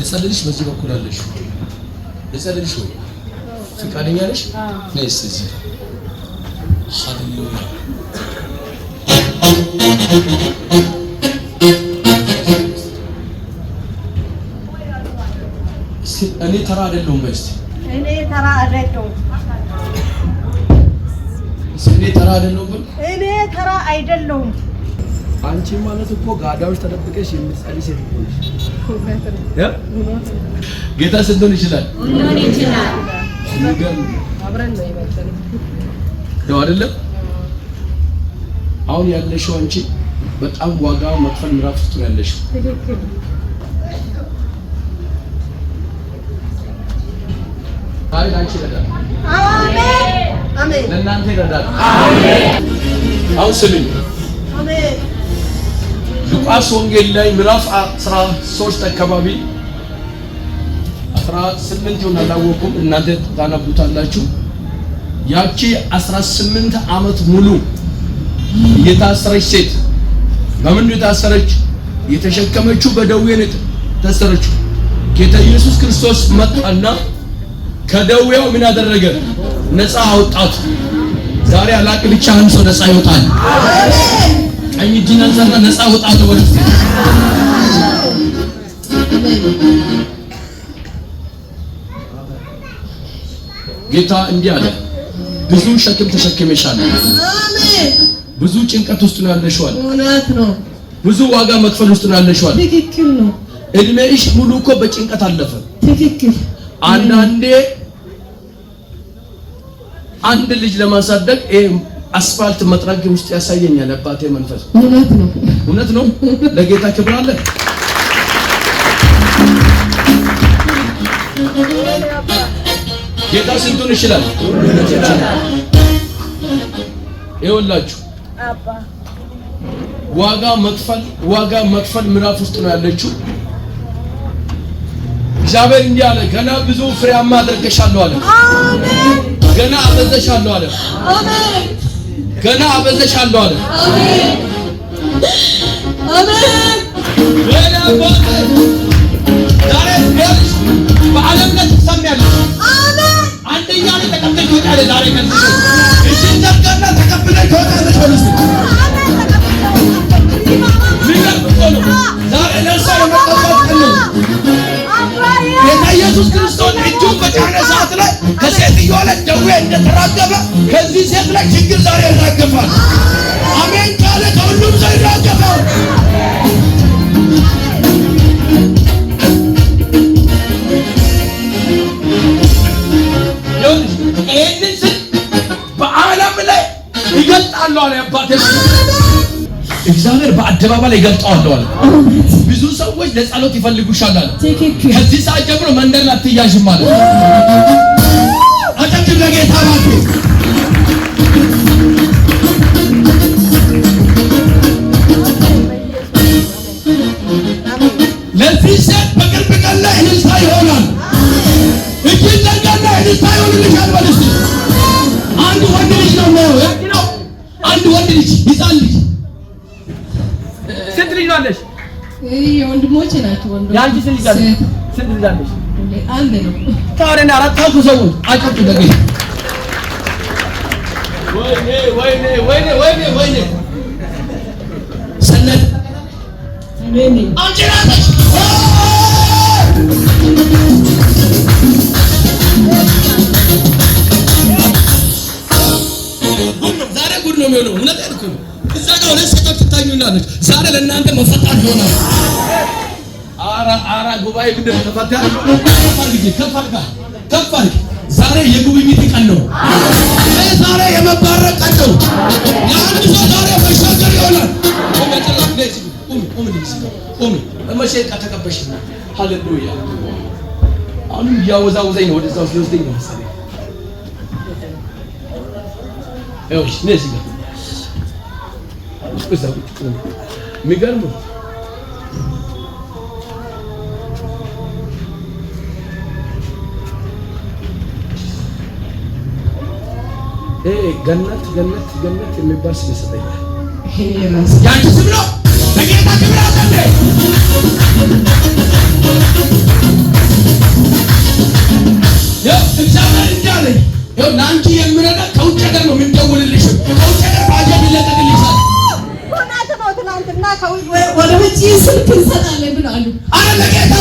ልጸልልሽ፣ በዚህ በኩል አለሽ። ልጸልልሽ ወይ ፈቃደኛ ነሽ? ነስ እዚህ ሃሌሉያ እኔ ተራ አይደለሁም። በስቲ እኔ ተራ አይደለሁም። እኔ ተራ አይደለሁም። እኔ ተራ አይደለሁም። አንቺ ማለት እኮ ጋዳዎች ተደብቀሽ የምትጸልይ ሴት እኮ ነሽ። ጌታ ስንቱን ይችላል። ይችላል። አይደለም አሁን ያለሽው አንቺ በጣም ዋጋ መክፈል ምዕራፍ ውስጥ ነው ያለሽው። አንቺ ይረዳል። አሜን። ለእናንተ ይረዳል። አሜን። አሁን ስሚኝ ሉቃስ ወንጌል ላይ ምዕራፍ 13 አካባቢ 18 ይሆን አላወቁም፣ እናንተ ታነቡታላችሁ። ያቺ 18 ዓመት ሙሉ የታሰረች ሴት በምን የታሰረች የተሸከመችው በደዌ ነው ታሰረችው። ጌታ ኢየሱስ ክርስቶስ መጣና ከደዌው ምን አደረገ? ነፃ አውጣት። ዛሬ አላቅ ብቻ አንሶ ነፃ ይወጣል። ካልሰራ ነፃ ወጣ ወደ ጌታ እንዲህ አለ። ብዙ ሸክም ተሸክመሻል። ብዙ ጭንቀት ውስጥ ነው ያለሽዋል። እውነት ነው። ብዙ ዋጋ መክፈል ውስጥ ነው ያለሽዋል። ትክክል ነው። እድሜሽ ሙሉ እኮ በጭንቀት አለፈ። ትክክል። አንዳንዴ አንድ ልጅ ለማሳደግ ይሄ አስፋልት መጥረግ ውስጥ ያሳየኛል አባቴ መንፈስ። እውነት ነው፣ እውነት ነው። ለጌታ ክብር አለ። ጌታ ስንቱን ይችላል። ይኸውላችሁ ዋጋ መክፈል ዋጋ መክፈል ምዕራፍ ውስጥ ነው ያለችው። እግዚአብሔር እንዲህ አለ፣ ገና ብዙ ፍሬያማ አደርገሻለሁ አለ። ገና አበዛሻለሁ አለ። አሜን ገና አበለሻለሁ አለ። በዓለም ላይ ትሰሚያለሽ። አንደኛ ላይ ተቀብለሽ ትወጫለሽ። ዛሬ ከእንትን እጅ ተቀብለሽ ትወጫለሽ። ደዌ እንደተራገፈ ከዚህ ሴት ላይ ችግር ዛሬ ይራገፋል። አሜን ካለ ከሁሉም ሰው ይራገፋል። ይህንን ስል በዓለም ላይ ይገልጣለሁ አለ አባቴ። እግዚአብሔር በአደባባይ ላይ ብዙ ሰዎች ለጸሎት ይፈልጉሻል አለ። ከዚህ ሰዓት ጀምሮ መንደር ላይ አትያዥም ሁላችን ለጌታ ናችሁ። ለዚህ ሴት በቅርብ ቀን ላይ እንስሳ ይሆናል። እጅ ዘርጋና እንስሳ ይሆንልሻል። ወንድሞች ናቸው። የሚሆነው። እውነት ልኩ እዛ ጋ ሁለት ሴቶች ትታኙላለች። ዛሬ ለእናንተ መፈታት ይሆናል። አራ ጉባኤ ምንድን ነው? ተፈታ ዛሬ የጉብኝት ቀን ነው። ዛሬ የመባረቅ ቀን ነው። የአንድ ሰው ዛሬ መሻገር ይሆናል። መሸጥ ከተቀበሽ ሃሌሉያ። አሁንም እያወዛወዘኝ ነው። ወደዛ ውስጥ ነው መሰለኝ እዛ ቁጭ ቆሙ። የሚገርም ገነት ገነት ገነት የሚባል ስም ይሰጠኛል። ያንቺ ስም ነው። በጌታ ክብር እግዚአብሔር እንዳለኝ ለአንቺ ስንት እንሰጣለን ብለው አሉ። አረ ለጌታ